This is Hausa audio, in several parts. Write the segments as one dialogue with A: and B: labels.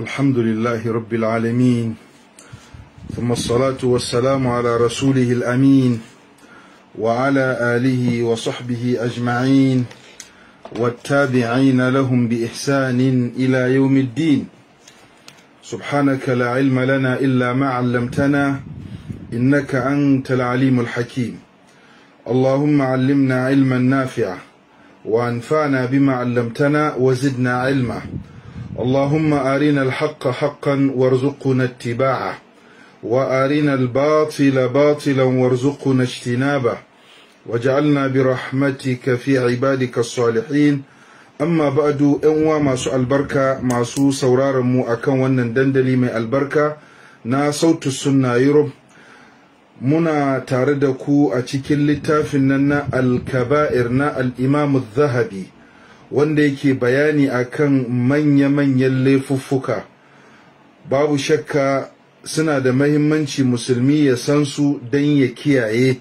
A: الحمد لله رب العالمين ثم الصلاة والسلام على رسوله الأمين وعلى آله وصحبه أجمعين والتابعين لهم بإحسان إلى يوم الدين سبحانك لا علم لنا إلا ما علمتنا إنك أنت العليم الحكيم اللهم علمنا علما نافعا وأنفعنا بما علمتنا وزدنا علما اللهم أرنا الحق حقا وارزقنا اتباعه وأرنا الباطل باطلا وارزقنا اجتنابه وجعلنا برحمتك في عبادك الصالحين أما بعد إنوا ما سؤال البركه ما سو سورار مو أكن ونن دندلي من البركة نا صوت السنة يرب muna tare da ku a cikin littafin nan na na zahabi wanda yake bayani akan manya-manyan laifuffuka babu shakka suna da mahimmanci musulmi ya san su dan ya kiyaye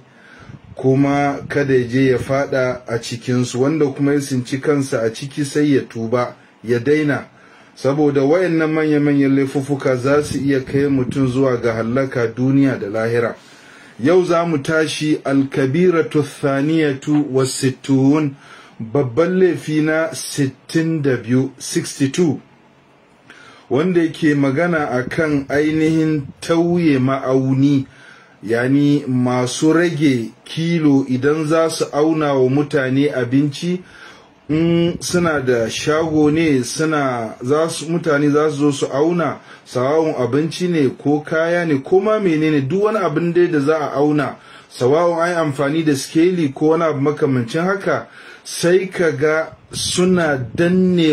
A: kuma kada je ya fada a cikinsu wanda kuma ya sinci kansa a ciki sai ya tuba ya daina saboda wayannan manya-manyan laifuffuka za su iya kai mutum zuwa ga hallaka duniya da lahira yau za mu tashi alkabiratu thaniyatu wasittun babban laifi na 62 wanda yake magana a kan ainihin tauye ma'auni yani masu rage kilo idan za su auna wa mutane abinci in suna da shago ne suna mutane za su zo su auna sawawun abinci ne ko kaya ne ko ma menene duk wani abin da za a auna sawawun ai amfani da skeli ko wani abu makamancin haka sai ka ga suna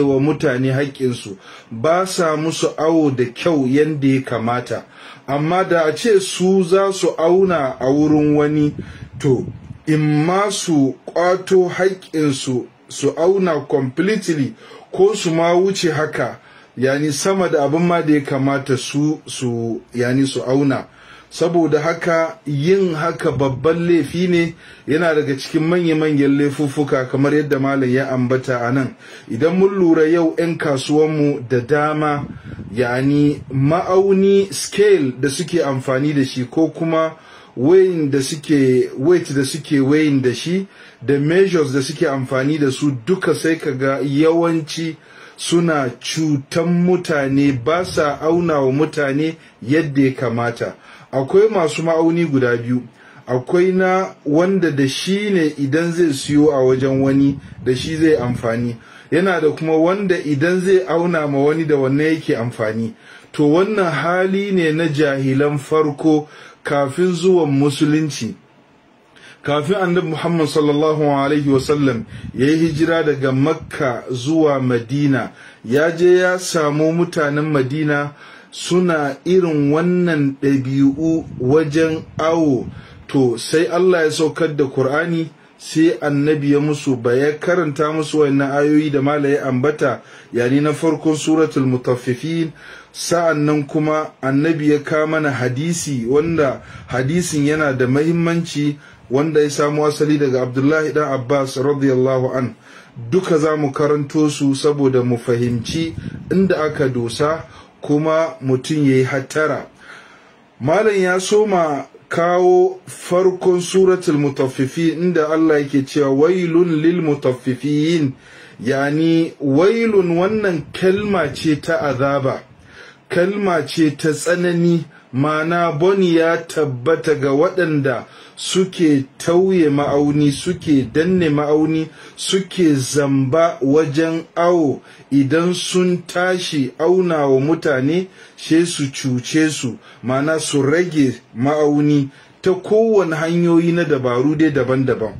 A: wa mutane haƙƙinsu ba sa musu awo da kyau yadda ya kamata amma da a ce su za su auna a wurin wani to in ma su ƙwato haƙƙinsu su auna completely ko su ma wuce haka yani sama da abin ma da ya kamata su su yani su auna saboda haka yin haka babban laifi ne yana daga cikin manya-manyan laifuffuka kamar yadda malam ya ambata a nan idan mun lura yau 'yan kasuwanmu da dama yani ma'auni scale da suke amfani da shi ko kuma weight da suke weight da suke weighing da shi da measures da suke amfani da su duka sai ka ga yawanci suna cutan mutane ba sa auna wa mutane yadda ya kamata akwai masu ma'auni guda biyu akwai na wanda da shi ne idan zai siyo a wajen wani da shi zai amfani yana da kuma wanda idan zai auna ma wani da wanne yake amfani to wannan hali ne na jahilan farko kafin zuwan musulunci kafin annabi muhammad sallallahu alaihi wasallam ya yi hijira daga makka zuwa madina ya je ya samu mutanen madina suna irin wannan ɗabi'u wajen awo to sai Allah ya saukar da Kur'ani sai annabi ya musu ba ya karanta musu wannan ayoyi da mala ya ambata yani na farkon suratul mutaffifin sa'an nan kuma annabi ya ka mana hadisi wanda hadisin yana da mahimmanci wanda ya samu asali daga abdullahi dan abbas radiyallahu an duka za mu karanto su saboda mu fahimci inda aka dosa kuma mutum ya yi hattara malam ya soma kawo farkon suratul mutafifi, inda Allah yake cewa wailun lil mutaffifiyin yani wailun wannan kalma ce ta azaba kalma ce ta tsanani mana boni ya tabbata ga waɗanda suke tauye ma'auni suke danne ma'auni suke zamba wajen awo idan sun tashi auna wa mutane she su cuce su mana su rage ma'auni ta kowane hanyoyi na dabaru dai daban-daban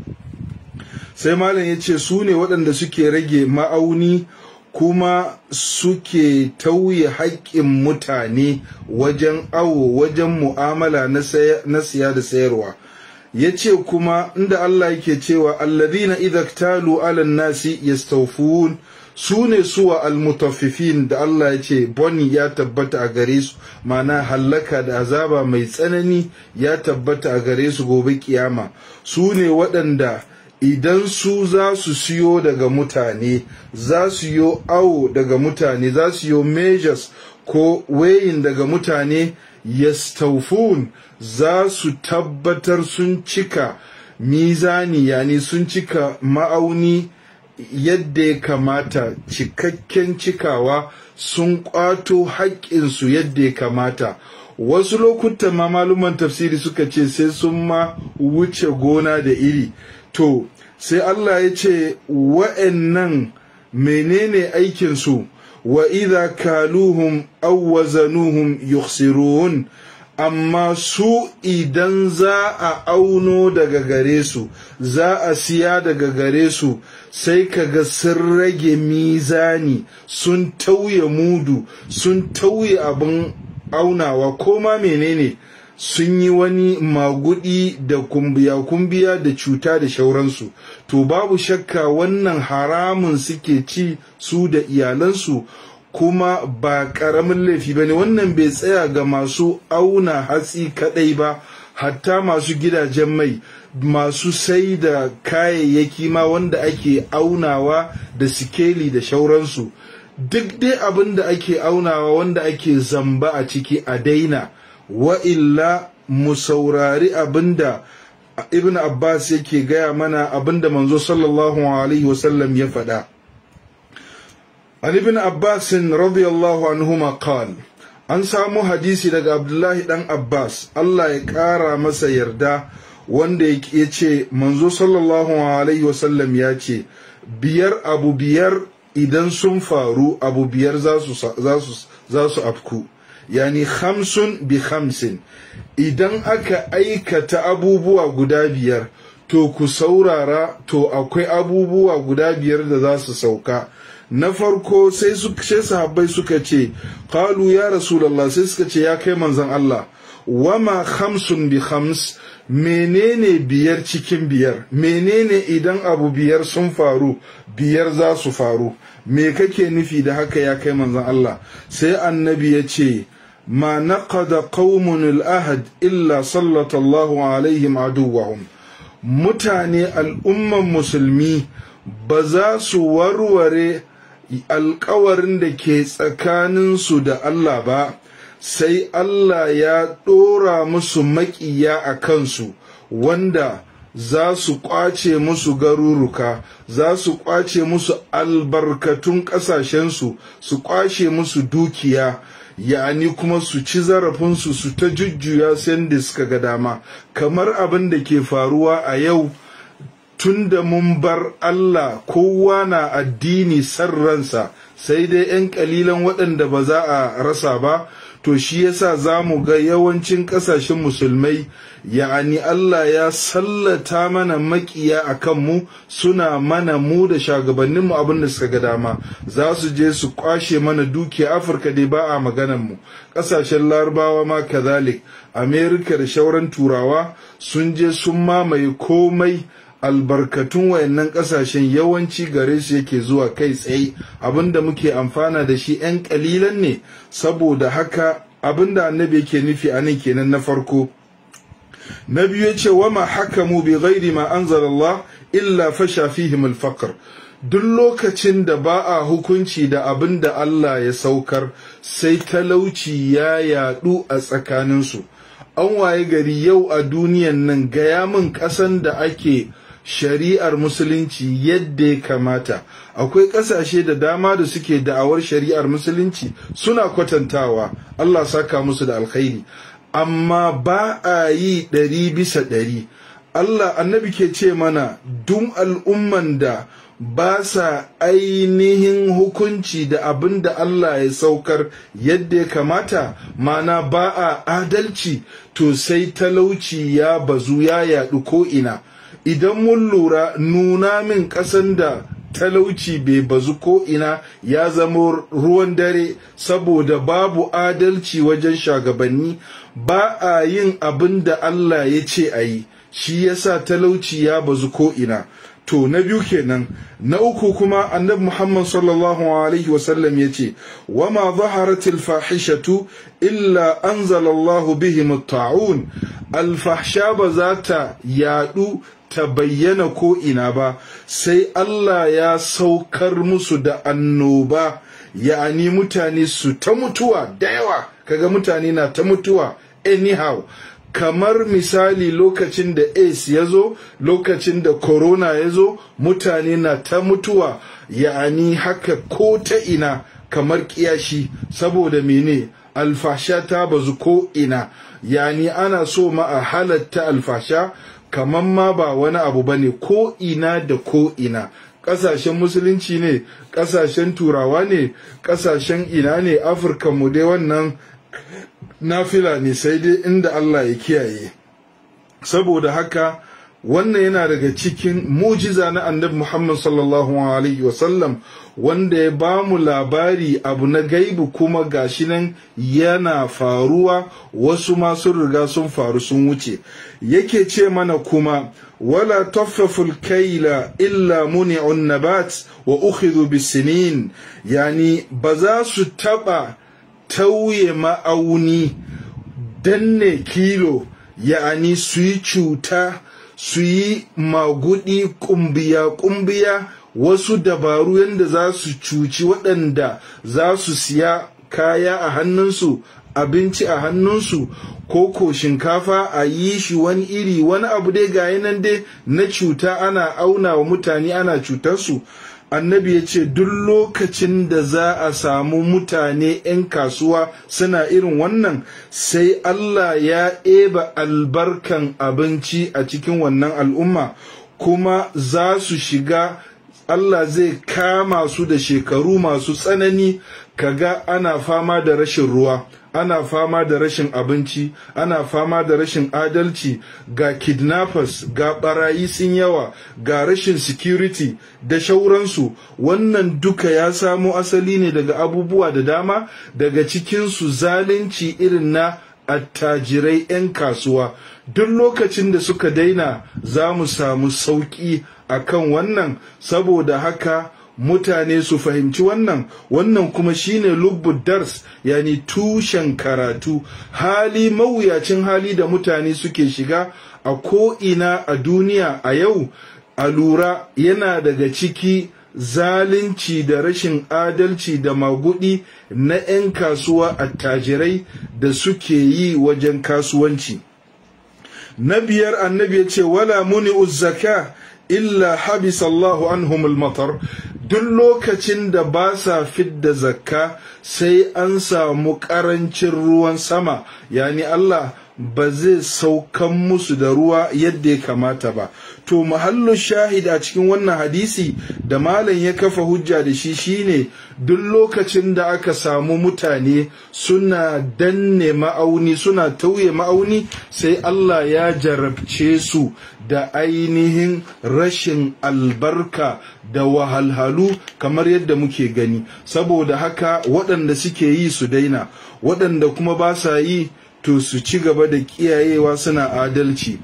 A: sai malam ya ce su ne waɗanda suke rage ma'auni kuma suke tauye haƙƙin mutane wajen awo wajen mu'amala na siya da sayarwa ya ce kuma inda Allah yake cewa alladina idha ktalu ala nasi yastawfun su ne suwa almutaffifin da Allah ya ce boni ya tabbata a gare su mana hallaka da azaba mai tsanani ya tabbata a gare su gobe kiyama su ne waɗanda idan su za su siyo daga mutane za su yi awo daga mutane za su yi measures ko wayin daga mutane yastaufun za su tabbatar sun cika mizani yani sun cika ma'auni yadda ya kamata cikakken cikawa sun kwato haƙƙinsu yadda ya kamata wasu lokuta ma maluman tafsiri suka ce sai sun ma wuce gona da iri to sai Allah ya ce wa'annan menene aikinsu wa idha kaluhum aw wazanuhum yukhsirun amma su idan za a auno daga gare su za a siya daga gare su sai kaga sun rage mizani sun tauye mudu sun tauye abin aunawa ko ma menene sun yi wani magudi da kumbiya-kumbiya da cuta da shauransu to babu shakka wannan haramun suke ci su da iyalansu kuma ba ƙaramin laifi ba ne wannan bai tsaya ga masu auna hatsi kaɗai ba hatta masu gidajen mai masu sai da kayayyaki ma wanda ake aunawa da sikeli da shauransu duk dai abin da ake aunawa wanda ake zamba a ciki a daina wa illa mu saurari abinda ibn abbas yake gaya mana abinda manzo sallallahu alaihi wasallam ya faɗa ibn abbas radiyallahu anhuma qal an samu hadisi daga abdullahi dan abbas allah ya ƙara masa yarda wanda ya ce manzo sallallahu alaihi wasallam ya ce biyar abu biyar idan sun faru abu biyar za su afku yani hamsun bi hamsin idan aka aikata abubuwa guda biyar to ku saurara to akwai abubuwa guda biyar da za su sauka na farko sai sahabbai suka ce qalu ya rasulullah sai suka ce ya kai manzon Allah wama khamsun bi khams menene biyar cikin biyar menene idan abu biyar sun faru biyar za su faru me kake nufi da haka ya kai manzon Allah sai annabi ya ce ما نقد قوم الأهد إلا سلط الله عليهم عدوهم متاني الأمة مسلمي بزاس ورور alkawarin da ke tsakaninsu da Allah ba sai Allah ya ɗora musu maƙiya a kansu wanda za su ƙwace musu garuruka za su ƙwace musu albarkatun ƙasashensu su ƙwace musu dukiya yani kuma su ci zarafinsu su ta jujjuya sanda suka ga dama kamar abin da ke faruwa a yau tun da mun bar Allah kowa na addini san ransa sai dai 'yan kalilan waɗanda ba za a rasa ba to shi yasa za mu ga yawancin ƙasashen musulmai ya'ani Allah ya sallata mana makiya a kanmu suna mana mu da shagabanninmu abin da suka ga dama za su je su kwashe mana dukiya afirka dai ba a maganarmu ƙasashen larabawa ma kazalik amerika da shauran turawa sun je sun mamaye komai albarkatun wayannan kasashen yawanci gare su yake zuwa kai tsaye abinda muke amfana da shi 'yan kalilan ne saboda haka abinda annabi yake nufi a nan kenan na farko na biyu yace wama hakamu bi ghairi ma anzala Allah illa fasha fihim al-faqr duk lokacin da ba a hukunci da abinda Allah ya saukar sai talauci ya yadu a tsakaninsu an waye gari yau a duniyan nan gaya min kasan da ake shari'ar musulunci yadda ya kamata akwai ƙasashe da dama da suke da'awar shari'ar musulunci suna kwatantawa Allah saka musu da alkhairi amma ba a yi ɗari bisa ɗari Allah annabi ke ce mana dum al'umman da ba sa ainihin hukunci da abin da Allah ya saukar yadda ya kamata mana ba a adalci to sai talauci ya bazu ya yaɗu ko'ina idan mun lura nuna min ƙasan da talauci bai bazu ko ina ya zama ruwan dare saboda babu adalci wajen shagabanni ba a yin abin da Allah ya ce a yi shi ya sa talauci ya bazu ko'ina to na biyu kenan na uku kuma annabi muhammad sallallahu alaihi wasallam ya ce wa ma zaharatil fahishatu illa anzalallahu bihim ta'un alfahsha ba za ta yadu ta bayyana ko ina ba sai Allah ya saukar musu da annoba ya'ani mutane su ta mutuwa da yawa kaga mutane na ta mutuwa anyhow kamar misali lokacin da aids ya zo lokacin da corona ya zo mutane na ta mutuwa ya'ani haka ko ta ina kamar kiyashi saboda mene alfasha ta bazu ko ina yani ana so ma a halatta alfasha kamar ma ba wani abu ba ne ko ina da ko ina ƙasashen musulunci ne ƙasashen turawa ne ƙasashen ina ne afirka mu dai wannan nafila ne sai dai inda allah ya kiyaye saboda haka wannan yana daga cikin mujiza na annabi Muhammad sallallahu alaihi wasallam wanda ya ba mu labari abu na gaibu kuma gashi nan yana faruwa wasu ma sun riga sun faru sun wuce yake ce mana kuma wala taffaful kaila illa muni'un nabat wa ukhidhu bisinin yani ba za su taba tauye ma'auni danne kilo yani su yi cuta su yi magudi kumbiya-kumbiya wasu dabaru yadda za su cuci waɗanda za su siya kaya a hannunsu abinci a hannunsu ko ko shinkafa a yi shi wani iri wani abu dai ga nan dai na cuta ana auna wa mutane ana cutarsu annabi ya ce duk lokacin da za a samu mutane 'yan kasuwa suna irin wannan sai Allah ya eba albarkan abinci a cikin wannan al'umma kuma za su shiga Allah zai kama su da shekaru masu tsanani kaga ana fama da rashin ruwa ana fama da rashin abinci ana fama da rashin adalci ga kidnappers ga barayi sun yawa ga rashin security da shauransu wannan duka ya samo asali ne daga abubuwa da dama daga cikinsu zalunci irin na attajirai 'yan kasuwa duk lokacin da suka daina za mu samu sauƙi a kan wannan saboda haka mutane su fahimci wannan wannan kuma shine lubbu dars yani tushen karatu hali mawuyacin hali da mutane suke shiga a ko'ina a duniya a yau a lura yana daga ciki zalunci da rashin adalci da magudi na 'yan kasuwa attajirai da suke yi wajen kasuwanci na biyar annabi ya ce wala muni uzzaka illa habisallahu anhumul matar duk lokacin da ba sa fidda zakka sai an samu ƙarancin ruwan sama yani Allah ba zai saukan musu da ruwa yadda ya kamata ba to mahallin shahid a cikin wannan hadisi da malam ya kafa hujja da shi shine duk lokacin da aka samu mutane suna danne ma'auni suna tauye ma'auni sai Allah ya jarabce su da ainihin rashin albarka da wahalhalu kamar yadda muke gani saboda haka waɗanda suke yi su daina waɗanda kuma ba sa yi to su ci gaba da kiyayewa suna adalci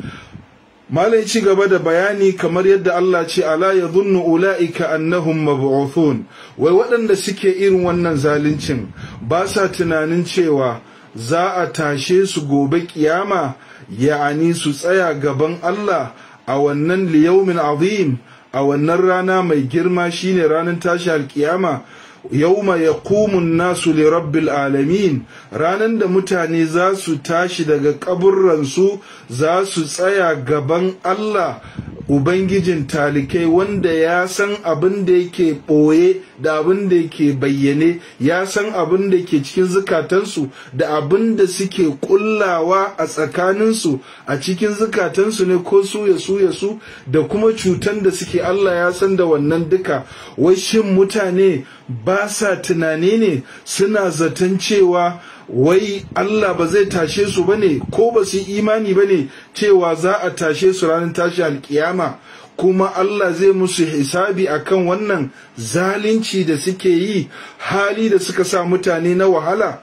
A: malai ci gaba da bayani kamar yadda Allah ce ala ya zunnu ula'ika annahum mab'uthun wai waɗanda suke irin wannan zaluncin ba sa tunanin cewa za a tashe su gobe kiyama ya'ani su tsaya gaban Allah a wannan liyaumin azim a wannan rana mai girma shine ranar tashi alkiyama yauma ya kumun nasu li rabbil alamin ranar da mutane za su tashi daga kaburransu za su tsaya gaban Allah Ubangijin talikai wanda ya san abin da yake ɓoye da abin da yake bayyane, ya san abin da ke cikin zukatansu da abin da suke ƙullawa a tsakaninsu a cikin zukatansu ne ko su ya su ya su da kuma cutan da suke Allah ya san da wannan duka. Wai shin mutane ba sa tunani ne suna zaton cewa wai Allah ba zai tashe su bane ko ba su imani bane cewa za a tashe su ranar tashi alkiyama kuma Allah zai musu hisabi akan wannan zalunci da suke yi hali da suka sa mutane na wahala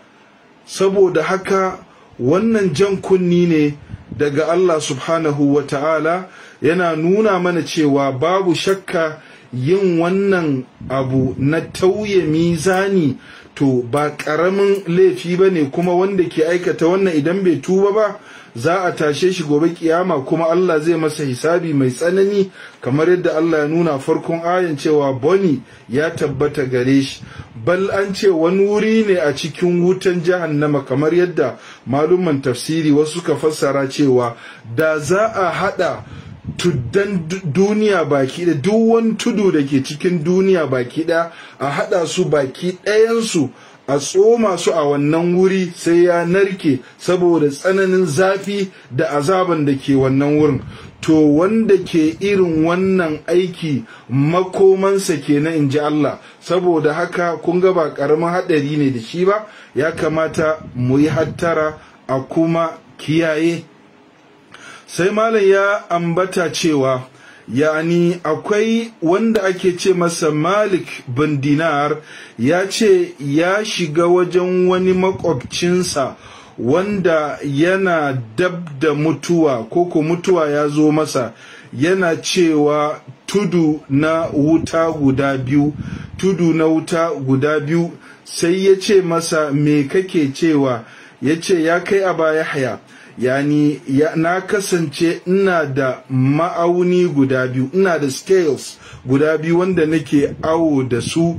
A: saboda haka wannan jan kunni ne daga Allah subhanahu wa ta'ala yana nuna mana cewa babu shakka yin wannan abu na tauye mizani to ba ƙaramin laifi ba ne kuma wanda ke aikata wannan idan bai tuba ba za a tashe shi gobe kiyama kuma Allah zai masa hisabi mai tsanani kamar yadda Allah ya nuna farkon ayan cewa boni ya tabbata gare shi bal an ce wani wuri ne a cikin wutan jahannama kamar yadda malumman tafsiri wasu ka fassara cewa da za a haɗa. tuddan duniya baki da duk wani tudu da ke cikin duniya baki ɗaya a haɗa su baki ɗayansu a tsoma su a wannan wuri sai ya narke saboda tsananin zafi da azaban da ke wannan wurin to wanda ke irin wannan aiki makomansa kenan in ji Allah saboda haka kun ga ba ƙaramin haɗari ne da shi ba ya kamata mu yi hattara a kuma kiyaye sai malam ya ambata cewa yani akwai wanda ake ce masa malik bin dinar ya ce ya shiga wajen wani makwabcinsa wanda yana dab da mutuwa koko mutuwa ya zo masa yana cewa tudu na wuta guda biyu tudu na wuta guda biyu sai ya ce masa me kake cewa ya ce ya kai a baya haya yani ya, na kasance ina da ma'auni guda biyu ina da scales guda biyu wanda nake awo da su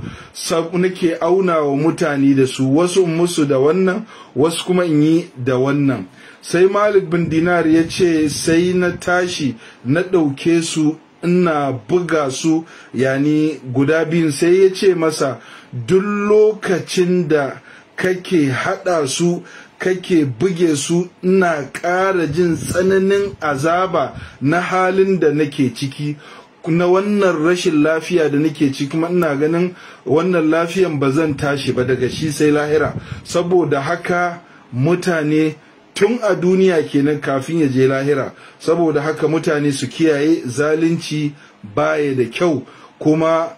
A: nake auna wa mutane da su wasu musu da wannan wasu kuma in yi da wannan sai malik bin dinar ya ce sai na tashi na ɗauke su ina buga su yani guda biyun sai ya ce masa duk lokacin da kake haɗa su kake buge su ina ƙara jin tsananin azaba na halin da nake ciki na wannan rashin lafiya da nake ciki kuma ina ganin wannan lafiyan ba zan tashi ba daga shi sai lahira saboda haka mutane tun a duniya kenan kafin ya je lahira saboda haka mutane su kiyaye zalunci baya da kyau kuma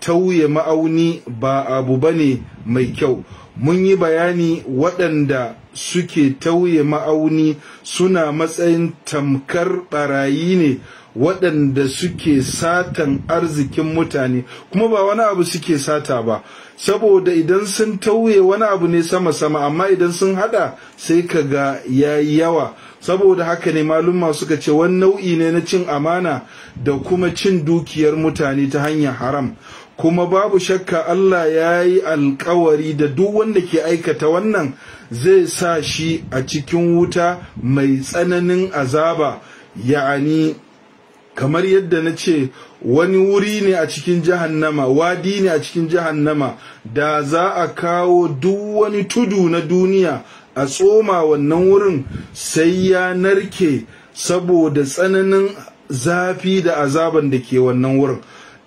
A: tauye ma'auni ba abu bane mai kyau mun yi bayani waɗanda suke tauye ma'auni suna matsayin tamkar ɓarayi ne waɗanda suke satan arzikin mutane kuma ba wani abu suke sata ba saboda idan sun tauye wani abu ne sama-sama amma idan sun hada sai ka ga ya yawa saboda haka ne malumma suka ce wani nau'i ne na cin amana da kuma cin dukiyar mutane ta hanyar haram kuma babu shakka Allah ya yi alkawari da duk wanda ke aikata wannan zai sa shi a cikin wuta mai tsananin azaba ya'ani kamar yadda na ce wani wuri ne a cikin jahannama wadi ne a cikin jahannama da za a kawo duk wani tudu na duniya a tsoma wannan wurin sai ya narke saboda tsananin zafi da azaban da ke wannan wurin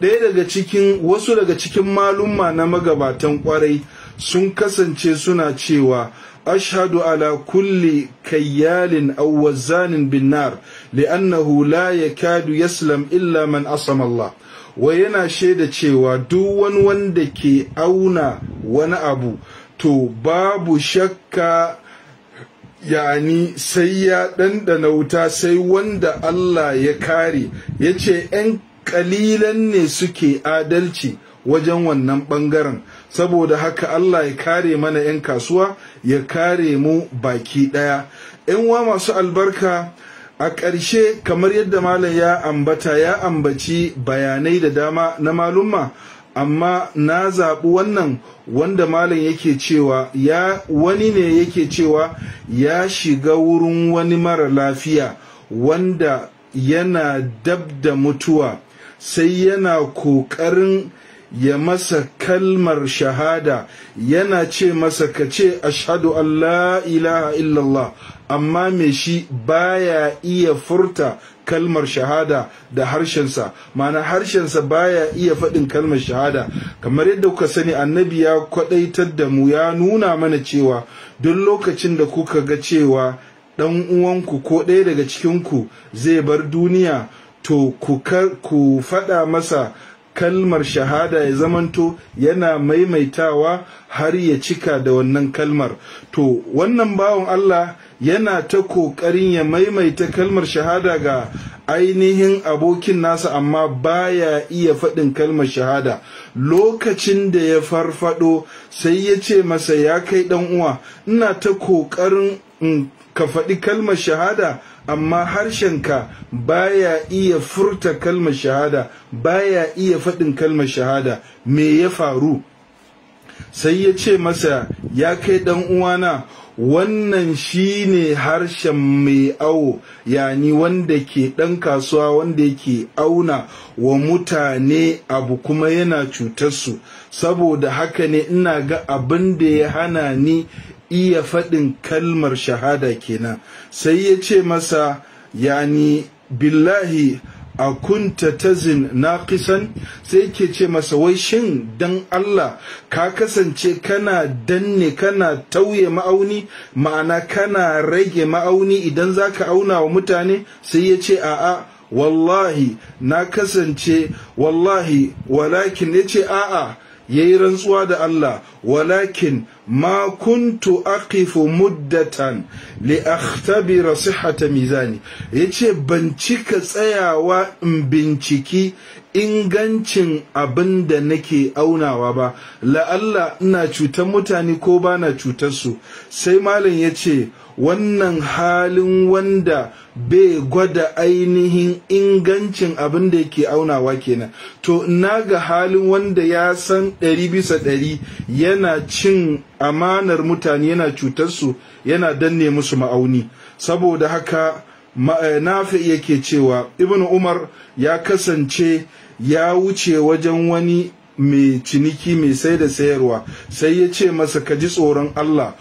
A: ɗaya daga cikin wasu daga cikin malumma na magabatan kwarai sun kasance suna cewa 'Ashadu ala kulli kayyalin aw Binnar, li'annahu la yakadu yaslam illa man asama wa yana shaida cewa duk wani wanda ke auna wani abu to babu shakka yani sai ya ɗanɗana wuta sai wanda Allah ya kare ya ce ‘yan kalilan ne suke adalci wajen wannan bangaren saboda haka Allah ya kare mana 'yan kasuwa ya kare mu baki ɗaya. 'yan wa masu albarka a ƙarshe kamar yadda malam ya ambata ya ambaci bayanai da dama na malumma amma na zaɓi wannan wanda malam yake cewa ya wani ne yake cewa ya shiga wurin wani mara lafiya wanda yana dab da mutuwa sai yana ƙoƙarin ya masa kalmar shahada yana ce masa ka ce ashadu Allah ilaha illallah amma me shi baya iya furta kalmar shahada da harshensa mana harshensa baya iya faɗin kalmar shahada kamar yadda kuka sani annabi ya kwaɗaitar da mu ya nuna mana cewa duk lokacin da kuka ga cewa ɗan uwanku ko ɗaya daga cikinku zai bar duniya to ku faɗa masa kalmar shahada ya zamanto yana maimaitawa har ya cika da wannan kalmar to wannan bawan Allah yana ta ƙoƙarin ya maimaita kalmar shahada ga ainihin abokin nasa amma baya iya faɗin kalmar shahada lokacin da ya farfado sai ya ce masa ya kai uwa ina ta ƙoƙarin Mm, ka faɗi kalmar shahada amma harshenka baya iya furta kalmar shahada baya iya faɗin kalmar shahada me ya faru sai ya ce masa ya kai ɗan uwana wannan shine harshen mai awo yani wanda ke ɗan kasuwa wanda yake auna wa mutane abu kuma yana cutarsu saboda haka ne ina ga abin da ya hana ni iya faɗin kalmar shahada kenan sai ya ce masa yani billahi a kunta tazin naqisan sai ke ce masa wai shin dan Allah ka kasance kana danne kana tauye ma'auni ma'ana kana rage ma'auni idan zaka auna wa mutane sai ya ce a'a wallahi na kasance wallahi walakin ya ce a'a yayi rantsuwa da Allah walakin ma kuntu aqifu muddatan li akhtabira sihhata mizani yace ban cika tsayawa in binciki ingancin abin da nake aunawa ba la'alla ina cutar mutane ko bana cutar su sai malam yace wannan halin wanda bai gwada ainihin ingancin abin da yake aunawa kenan to na ga halin wanda ya san ɗari bisa ɗari yana cin amanar mutane yana cutarsu yana danne musu ma'auni saboda haka eh, nafi yake cewa ibn umar ya kasance ya wuce wajen wani mai ciniki mai sai da sayarwa sai ya ce masa kaji tsoron Allah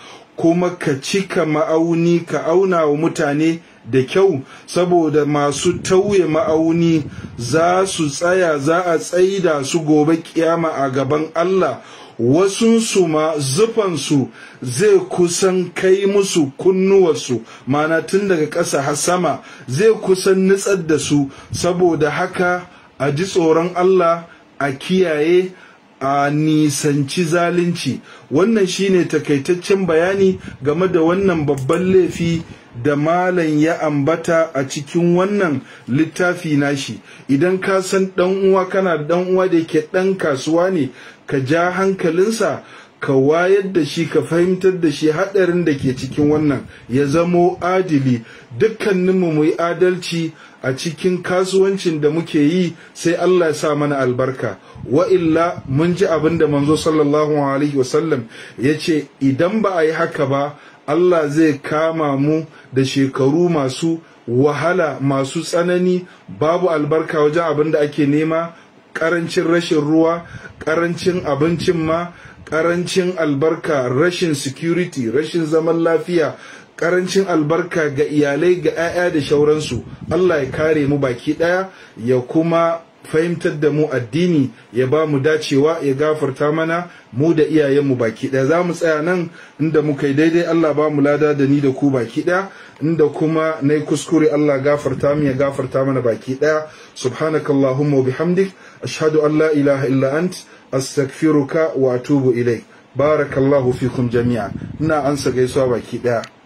A: kuma ka cika ma'auni ka auna wa mutane da kyau saboda masu tauye ma'auni za su tsaya za a tsaida su gobe kiyama a gaban Allah wasunsu ma zufansu zai kusan kai musu kunnuwarsu mana tun daga ƙasa har sama zai kusan nutsar da su saboda haka a ji tsoron Allah a kiyaye a nisanci zalunci wannan shine takaitaccen bayani game da wannan babban laifi da malam ya ambata a cikin wannan littafi nashi idan ka san uwa kana uwa da yake ɗan kasuwa ne ka ja hankalinsa ka wayar da shi ka fahimtar da shi haɗarin da ke cikin wannan ya zamo adili dukkaninmu mu yi adalci a cikin kasuwancin da muke yi sai Allah ya sa mana albarka wa illa mun ji abin da manzo sallallahu alaihi wasallam ya ce idan ba a yi haka ba Allah zai kama mu da shekaru masu wahala masu tsanani babu albarka wajen abin da ake nema ƙarancin rashin ruwa ƙarancin abincin ma ƙarancin albarka rashin security rashin zaman lafiya ƙarancin albarka ga iyalai ga 'ya'ya da shauransu Allah ya kare mu baki ɗaya ya kuma fahimtar da mu addini ya ba mu dacewa ya gafarta mana mu da iyayenmu baki ɗaya za mu tsaya nan inda muka yi daidai Allah ba mu lada da ni da ku baki ɗaya inda kuma na yi kuskure Allah gafarta mu ya gafarta mana baki ɗaya subhanakallahumma wa bihamdik ashhadu an la ilaha illa ant astaghfiruka wa atubu ilai barakallahu fikum jami'a ina ansa gaisuwa baki daya